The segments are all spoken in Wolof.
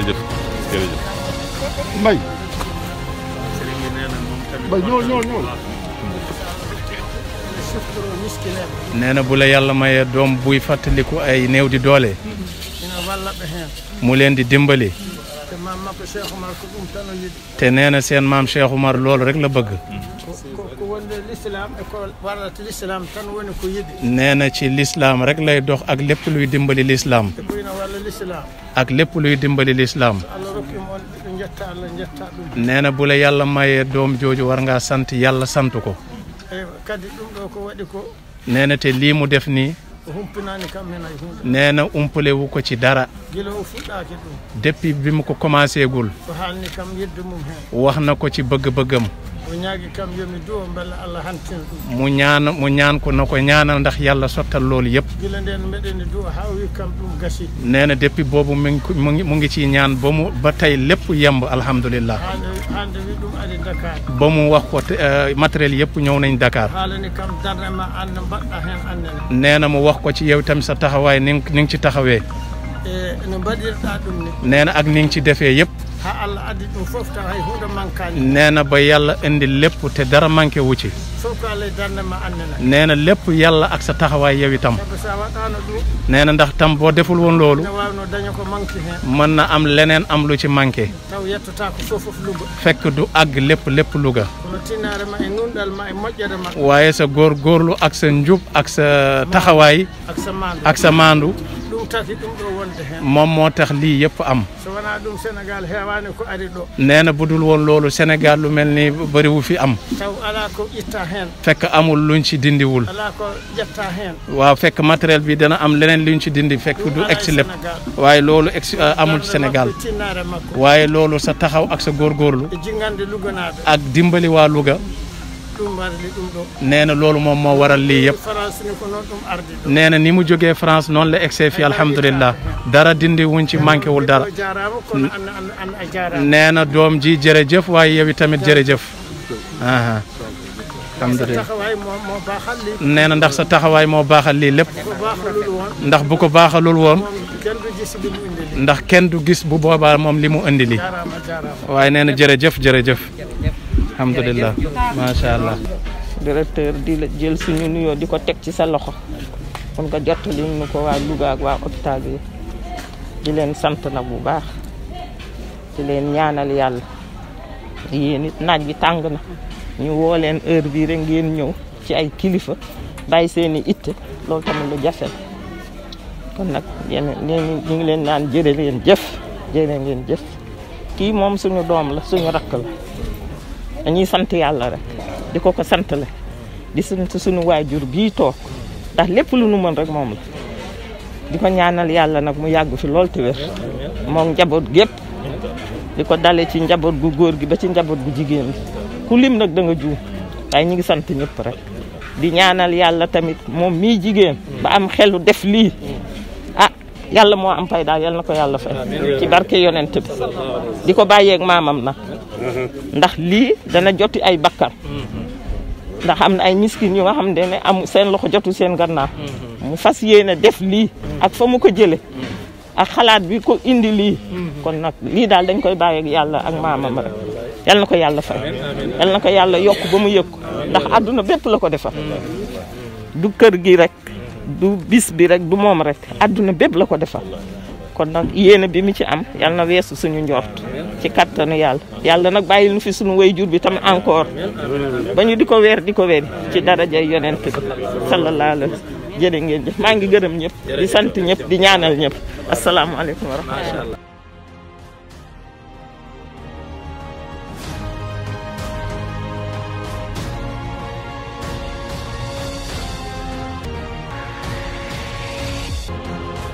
jërëjëf jërëjëf. Mbaye. nee na bu yàlla maye doom buy fàttaliku ay néew di doole. mu leen di dimbali. te nee na seen maam Cheikh Umar loolu rek la bëgg. nee na ci lislaam rek lay dox ak lépp luy dimbali lislaam ak lépp luy dimbali lislaam nee na bu yàlla maye doom jooju war ngaa sant yàlla sant ko. Eh, nee te lii mu def nii. nee na umpale wu ko ci dara. depuis bi mu ko commencé gul. wax na ko ci bëgg-bëggam. mu ñaan mu ñaan ko na ko ñaanal ndax yàlla sottal loolu yëpp nee na depuis boobu mu ngi mu ngi mu ñaan ba mu ba tey lépp yemb alhamdulillah ba mu wax ko eh, matériel yëpp ñëw nañ Dakar nee na mu wax ko ci yow tamit sa taxawaay ni ni nga ci taxawee eh, nee na ak ni nga ci defee yëpp ha allah nee na ba yàlla indi lépp te dara manqué wu ci fof e na lépp yàlla ak sa taxawaay yow itam nee na ndax tam boo deful woon loolu ne ko manqué mën na am leneen am lu ci manqué fekk du àgg lépp lépp Louga e e waaye sa góor góorlu ak sa njub ak sa taxawaay ak sa maandu sa maandu moom moo tax lii yëpp am nee na bu dul woon loolu senegal lu mel ni bëriwu fi am fekk amul luñ ci dindiwul waaw fekk matériel bi dana am leneen luñ ci dindi fekk du egsi lépp waaye loolu egsi euh, amul ci Sénégal waaye loolu sa taxaw ak sa góorgóorlu ak dimbali waa Louga nee na loolu moom moo waral lii yëpp nee na ni mu jógee France noonu la egsee fi alhamdulillah dara dindi wuñ ci manqué wul dara nee na doom ji jëf waaye yow tamit jërëjëf alhamdulillah nee na ndax sa taxawaay moo baaxal lii lépp ndax bu ko baaxalul woon ndax kenn du gis bu boobaa moom li mu indi lii waaye nee na jërëjëf jërëjëf alhamdulillah masya allah directeur di la jël suñu nuyo di tek ci sa loxo kon nga jotali ñu ko waa Louga ak wa hôpital yi di leen sant na bu baax di leen ñaanal yalla yéen nit naaj bi tang na ñu wo leen heure bi rek ngeen ñew ci ay kilifa bay seen itte loolu tam lu jafe kon nak yeen ñu ngi leen naan jëre leen jëf jëre ngeen jëf ki mom suñu dom la suñu dañuy sant yàlla rek di ko ko sant la di sunu suñu waajur bii toog ndax lépp lu nu mën rek moom la di ko ñaanal yàlla nag mu yàgg fi lool te wér moom njaboot gépp di ko dale ci njaboot gu góor gi ba ci njaboot gu jigéen ku lim nag da nga juum waaye ñu ngi sant ñëpp rek di ñaanal yàlla tamit moom mii jigéen ba am xelu def lii ah yàlla moo am pay daal yàlla na ko yàlla fay ci barke yonent bi di ko bàyyeeg maamam nag ndax lii dana joti ay bakkar ndax am na ay miskin yoo xam ne am seen loxo jotu seen gannaaw mu fas yéene def lii ak fa mu ko jële ak xalaat bi ko indi lii kon nag lii daal dañ koy bàyyi ak yàlla ak maamam rek yal na ko yàlla fay na ko yàlla yokk ba mu yëg ndax àdduna bépp la ko defal du kër gi rek du bis bi rek du moom rek àdduna bépp la ko defal kon nag yéene bi mu ci am yal na weesu suñu njort ci kattanu yàlla yàlla nag bàyyil nu fi suñu way jur bi tam encore ba ñu di ko weer di ko weer ci darajay yonent bi sallallahu alayhi jërë ngeen jëf maa ngi gërëm ñëpp di sant ñëpp di ñaanal ñëpp asalaamaaleykum wa rahmatulah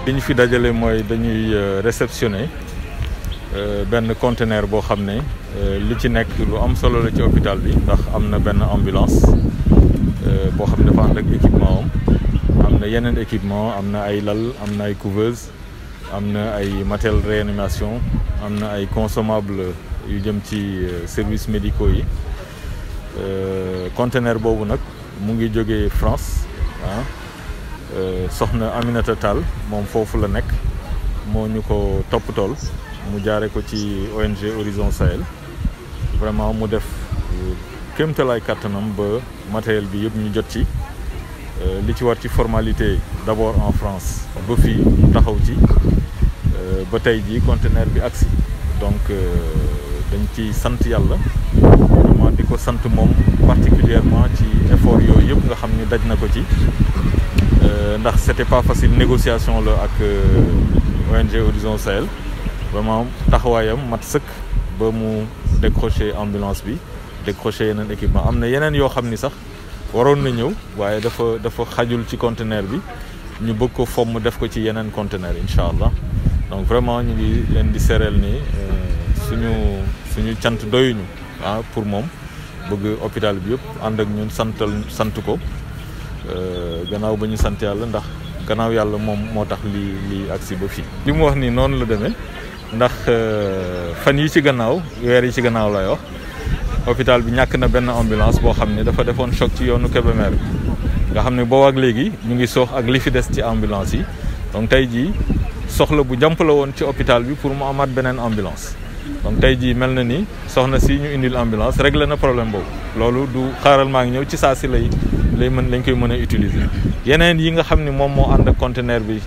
biñ fi dajalé moy dañuy euh, réceptionner ben conteneur bo xamné ne euh, li ci nek lu am solo la ci hôpital bi ndax amna ben ambulance boo xam ne dafa ànd ak équipement am am na équipement amna ay lal amna ay couveuse amna ay matériel réanimation amna ay consommables yu jëm ci service médicaux yi conteneur bobu nak mu ngi joggé France hein euh, soxna Aminata Tall moom foofu la nekk moo ñu ko toppatool mu jaare ko ci ONG Horizon Sahel vraiment mu def euh, kéemtalaay kàttanam ba matériel bi yëpp ñu jot ci euh, li ci war ci formalité d'abord en France ba fii mu taxaw ci ba tey jii conteneur bi agsi donc dañ ci sant yàlla vraiment di ko sant moom particulièrement ci effort yooyu yëpp nga xam ni daj na ko ci euh, ndax c'était pas facile négociation la ak euh, ONG Horizon Sahel vraiment taxawayam mat seuk ba mu décrocher ambulance bi décrocher yenen équipement amna yenen yo xamni sax waroon na ñew waye dafa dafa xajul ci conteneur bi ñu bëgg ko fomm def ko ci yenen conteneur inshallah donc vraiment ñu ngi leen di sérel ni euh, suñu suñu cant doyuñu ah pour mom bëgg hôpital bi yëpp and ak ñun santal sant ko Eh, gannaaw ba ñu sant yàlla ndax gannaaw yàlla moom moo tax lii lii ak ba fii li mu wax ni noonu la demee ndax eh, fan yi ci gannaaw weer yi ci gannaaw lay wax hôpital bi ñàkk na benn ambulance boo xam ne dafa defoon choc ci yoonu Kébémer bi nga xam ne boobu ak léegi ñu ngi soox ak li fi des ci ambulance yi donc tey jii soxla bu jàmp la woon ci hôpital bi pour mu amaat beneen ambulance donc tey jii mel na ni soxna si ñu indil ambulance réglé na problème boobu loolu du xaaral maa ngi ñëw ci saa si lay lay mën lañ koy mën a utiliser yeneen yi nga xam ni moom moo ànd ak bi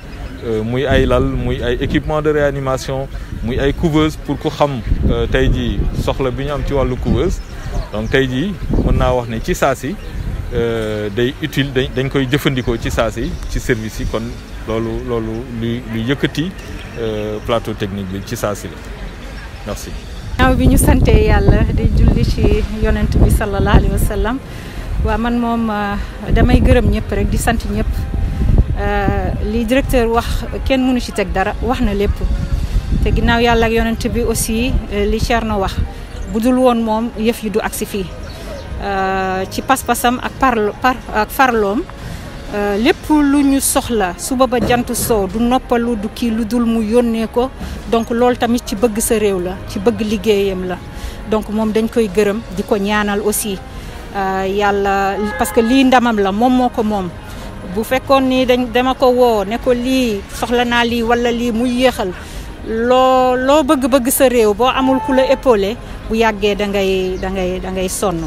euh, muy ay lal muy ay équipement de réanimation muy ay couveuse pour ku xam euh, tey jii soxla bi ñu am ci wàllu couveuse donc tey jii mën naa wax ne ci saa si euh, day utile dañ dañ koy jëfandikoo ci saa si ci service yi kon loolu loolu lu luy yëkkati plateau technique bi ci saasi si la merci. ginnaaw bi ñu sante yàlla di julli ci yonent bi sallallahu alayhi wa waaw man moom euh, damay gërëm ñëpp rek di sant ñëpp euh, li directeur wax kenn mënu ci teg dara wax na lépp te ginnaaw yàlla ak yonent bi aussi euh, li na wax bu dul woon moom yëf yi du agsi fii ci pas-pasam ak parlo ak farloom lépp lu ñu soxla suba ba jant soo du noppalu du kii lu dul mu yónnee ko donc loolu tamit ci bëgg sa réew la ci bëgg liggéeyam la donc moom dañ koy gërëm di ko ñaanal aussi Euh, yalla parce que li ndamam la mom moko mom bu fekkone ni dañ dama ko woo ne ko lii soxla naa lii wala li muy yéexal lo lo bëgg-bëgg sa réew bo amul ku la épaulé bu yagge da ngay da ngay da ngay sonn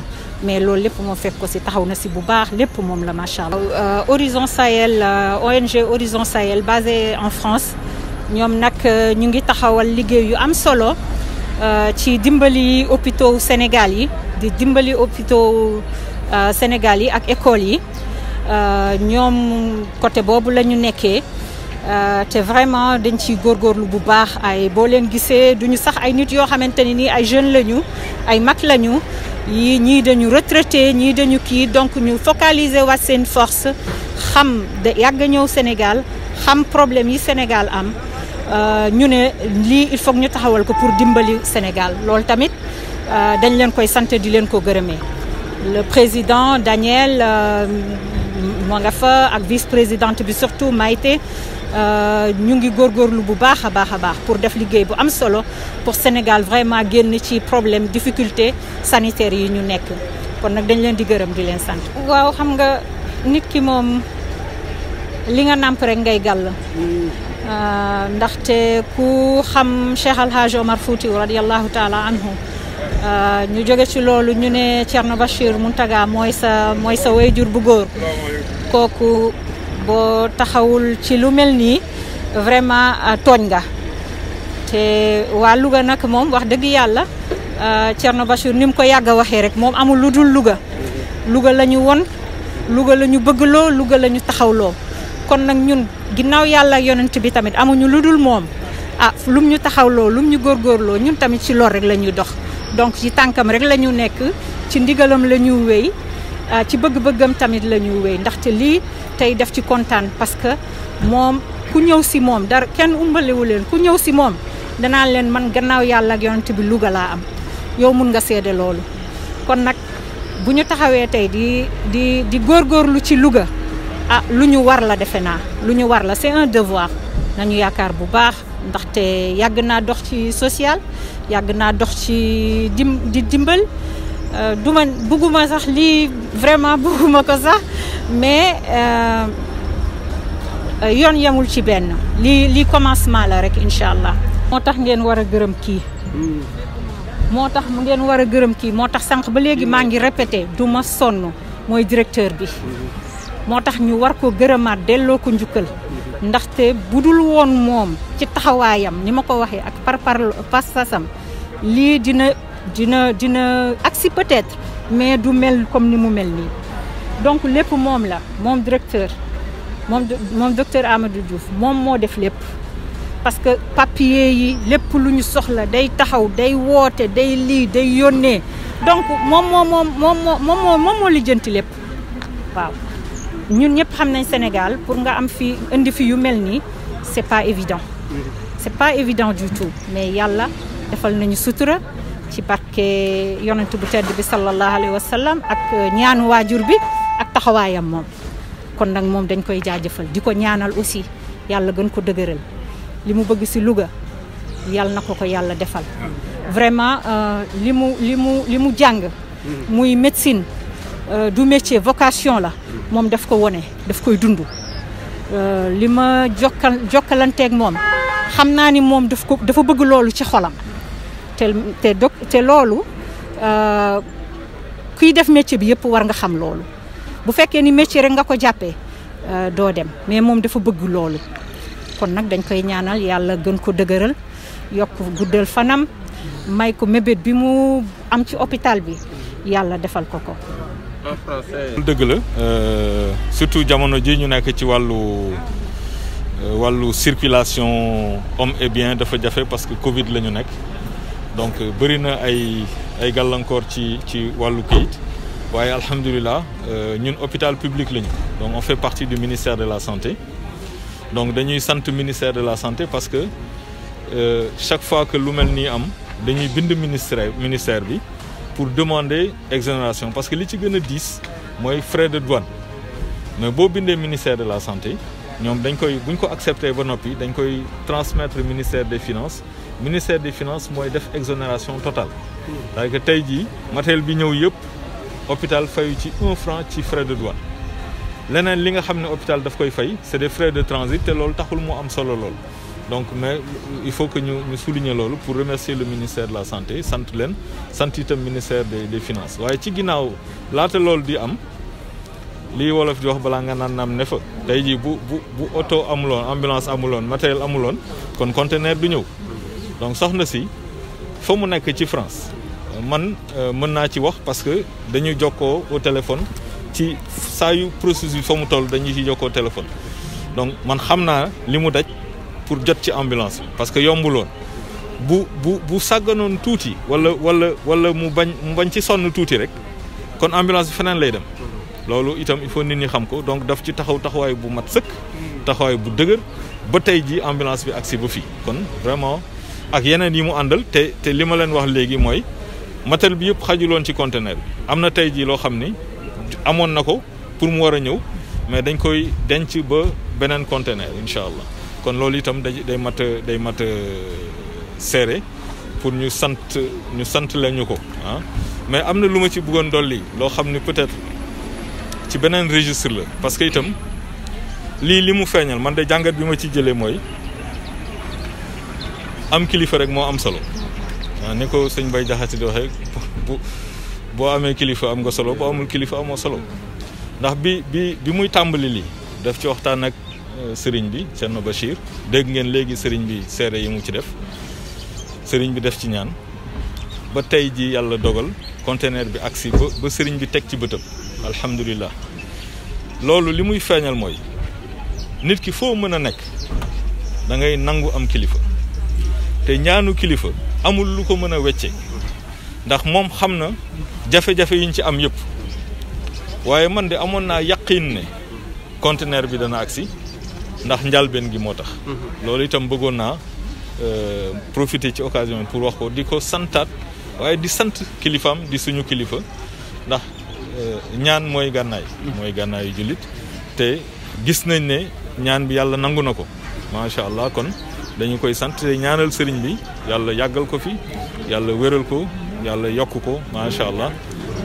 mais loolu lepp mo fekk ko si taxaw na si bu baax lepp mom la machallah euh, Horizon Sahel euh, ONG Horizon Sahel basé en France ñom nak ñu ngi taxawal liggéey yu am solo. Euh, ci dimbali hôpitaux Sénégal yi di dimbali hôpitaux euh, Sénégal yi ak écoles yi euh, ñoom côté vraiment dañ góorgóorlu bu baax ay boo leen duñu sax ni ay jeunes lañu ay mag lañu yi dañu retraité dañu donc ñu focaliser seen force xam de yàgg ñëw Sénégal xam problème Sénégal Euh, ñu ne lii il faut ñu taxawal ko pour dimbali Sénégal loolu tamit euh, dañ leen koy sant di leen ko gërëmee le président Daniel euh, moo nga fa ak vice présidente bi surtout Maïté ñu ngi góor góorlu bu baax a baax a baax pour def liggéey bu am solo pour Sénégal vraiment génn ci problème difficulté sanitaire yi ñu nekk kon nag dañ leen di gërëm di leen sant. waaw xam nga nit ki moom li nga nàmp rek ngay gàll. Hmm. Euh, ndaxte ku xam Cheikh Al Hadj Omar Foutiou radiallahu taala anhu euh, ñu jóge ci loolu ñu ne Thierno Bachir Mountaga mooy sa mooy sa wayjur bu góor kooku boo taxawul ci lu mel nii vraiment euh, tooñ nga te waa Louga nag moom wax dëgg yàlla Thierno Bachir ni ko yàgg a waxee rek moom amul lu dul Louga Louga la ñu won Louga la ñu bëggloo Louga la ñu taxawloo kon nag ñun ginnaw yalla ak yonent bi tamit amuñu luddul mom ah lum ñu lo lum ñu lo ñun tamit ci lor rek lañu dox donc ci tankam rek lañu ñu nekk ci ndigalam lañu ñu wéy ah, ci bëgg-bëggam tamit lañu ñu ndax te li tay def ci contane parce que mom ku ñëw si moom dara kenn wu leen ku ñëw si moom leen man gannaaw yalla ak yonent bi luga la am yow mën nga sédé lool kon nak buñu taxawé tay di di di di lu ci luga ah war la defe naa war la c'est un devoir nañu yaakaar bu baax ndaxte yàgg naa dox ci social yagna naa dox ci di dimbal euh, du ma sax li vraiment bugguma ko sax mais euh, yon yamul ci ben li Li, commencement la rek incha motax ngeen war a ki motax mu ngeen war a ki motax sank ba légui ma ngi répété du sonno, moy directeur bi. moo tax ñu war ko gërëmaat delloo ko njukkal ndaxte bu dul woon moom ci taxawaayam ni ma ko waxee ak par par pasasam lii dina dina dina agsi peut-être mais du mel comme ni mu mel nii donc lépp moom la moom directeur moom moom docteur Amadou Diouf moom moo def lépp parce que papier yi lépp lu ñu soxla day taxaw day woote day lii day yónnee donc moom moo moom moom moo moom moo lijjanti lépp waaw Nous, ñëpp xam nañ Sénégal pour nga am fi indi fi yu c'est pas évident c'est pas évident du tout mais nous defal nañu sutura ci barke yonent bu tedd bi sallallahu alayhi wa sallam ak euh, ñaanu ak kon dañ koy ñaanal aussi gën ko bëgg Louga vraiment li mu li mu mu mm. médecine euh, du métier vocation là moom daf ko wone daf koy dund euh, li ma jokkal jokkalanteeg moom xam naa ni moom daf ko dafa bëgg loolu ci xolam te te do te loolu euh, kuy def métier bi yëpp war nga xam loolu bu fekkee ni métier rek nga ko jàppee euh, doo dem mais moom dafa bëgg loolu kon nag dañ koy ñaanal yàlla gën ko dëgëral yokk guddal fanam may ko mébét bi mu am ci hôpital bi yàlla defal ko ko en français. dëgg la euh, surtout jamono ji ñu nekk ci walu euh, walu circulation homme et bien dafa jafé parce que Covid la ñu nekk donc euh, bari na ay ay gàllankoor ci ci wàllu kayit waaye un ñun hôpital public lañu donc on fait partie du ministère de la santé donc dañuy sant ministère de la santé parce que chaque fois que lu un am dañuy bind ministère ministère bi pour demander exonération parce que li ci gën 10, c'est les frais de douane mais si le ministère de la santé ñoom dañ koy bu ko accepté ba ministère des finances Le ministère des finances fait def exonération totale. c'est-à-dire que le matériel bi hôpital franc de frais de douane Ce li nga xam fait hôpital daf koy c'est des frais de transit te loolu taxul am donc mais il faut que nous, nous souligner loolu pour remercier le ministère de la santé sant leen sant itam ministère des des finances waaye ci ginnaaw laata loolu di am lii wolof di wax balaa nga naan naam ne fa tey jii bu bu bu oto amuloon ambulance amuloon matériel amuloon kon conteneur du ñëw donc soxna si fa mu nekk ci France man euh, mën naa ci wax parce que dañu jokkoo au téléphone ci saa yu procédure fa mu toll dañu ci jokkoo téléphone donc man xam naa li mu daj pour jot ci ambulance parce que yombuloon bu bu bu sàgganoon touti wala wala wala mu bañ mu bañ ci sonn touti rek kon ambulance fenen lay dem lolou itam il faut nit ñi xam ko donc daf ci taxaw taxawaay bu mat seuk taxawaay bu dëgër ba tay ji ambulance bi agsi bu fi kon vraiment ak yeneen yi mu andal te te li ma leen wax léegi mooy matal bi yëpp xajuloon ci conteneur bi am na tey jii loo xam ni amoon na ko pour mu war a ñëw mais dañ koy denc ba beneen conteneur incha allah kon loolu itam day day mat day mat seere pour ñu sant ñu sant lañu ko ah. mais am na lu ma ci bëggoon dolli loo xam ni peut-être ci beneen régistre la parce que itam lii li mu feeñal man de jàngat bi ma ci jëlee mooy am kilifa rek moo am solo waaw ah, ni ko sëñ Bay Jaxate di waxee bu boo amee kilifa am nga solo boo amul kilifa amoo solo ndax bi bi bi muy tàmbali lii def ci waxtaan ak Euh, sëriñ bi Thierno Bachir dégg ngeen léegi sëriñ bi seere yi mu ci def sëriñ bi def ci ñaan ba tey ji yàlla dogal conteneur bi agsi ba sëriñ bi teg ci bëtëb alhamdulilah loolu li muy feeñal mooy nit ki foo mën a nekk dangay nangu am kilifa te ñaanu kilifa amul lu ko mën a wecce ndax moom xam na jafe-jafe yi ñu ci am yëpp waaye man de amoon naa yaqiin ne conteneur bi dana agsi ndax njalbeen gi moo tax. Mhm. loolu itam bëggoon naa euh, profité ci occasion pour wax ko di ko santaat waaye di sant kilifaam di suñu kilifa ndax euh, ñaan mooy gànnaay. Mhm. mooy gànnaayu jullit te gis nañ ne ñaan bi yàlla nangu na ko macha allah kon dañu koy sant te ñaanal sëriñ bi yàlla yàggal ko fi yàlla wéral ko yàlla yokk ko macha allah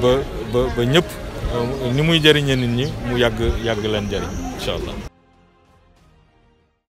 ba ba ba ñëpp euh, ni muy jëriñee nit ñi mu yàgg yàgg leen jëriñ incha allah.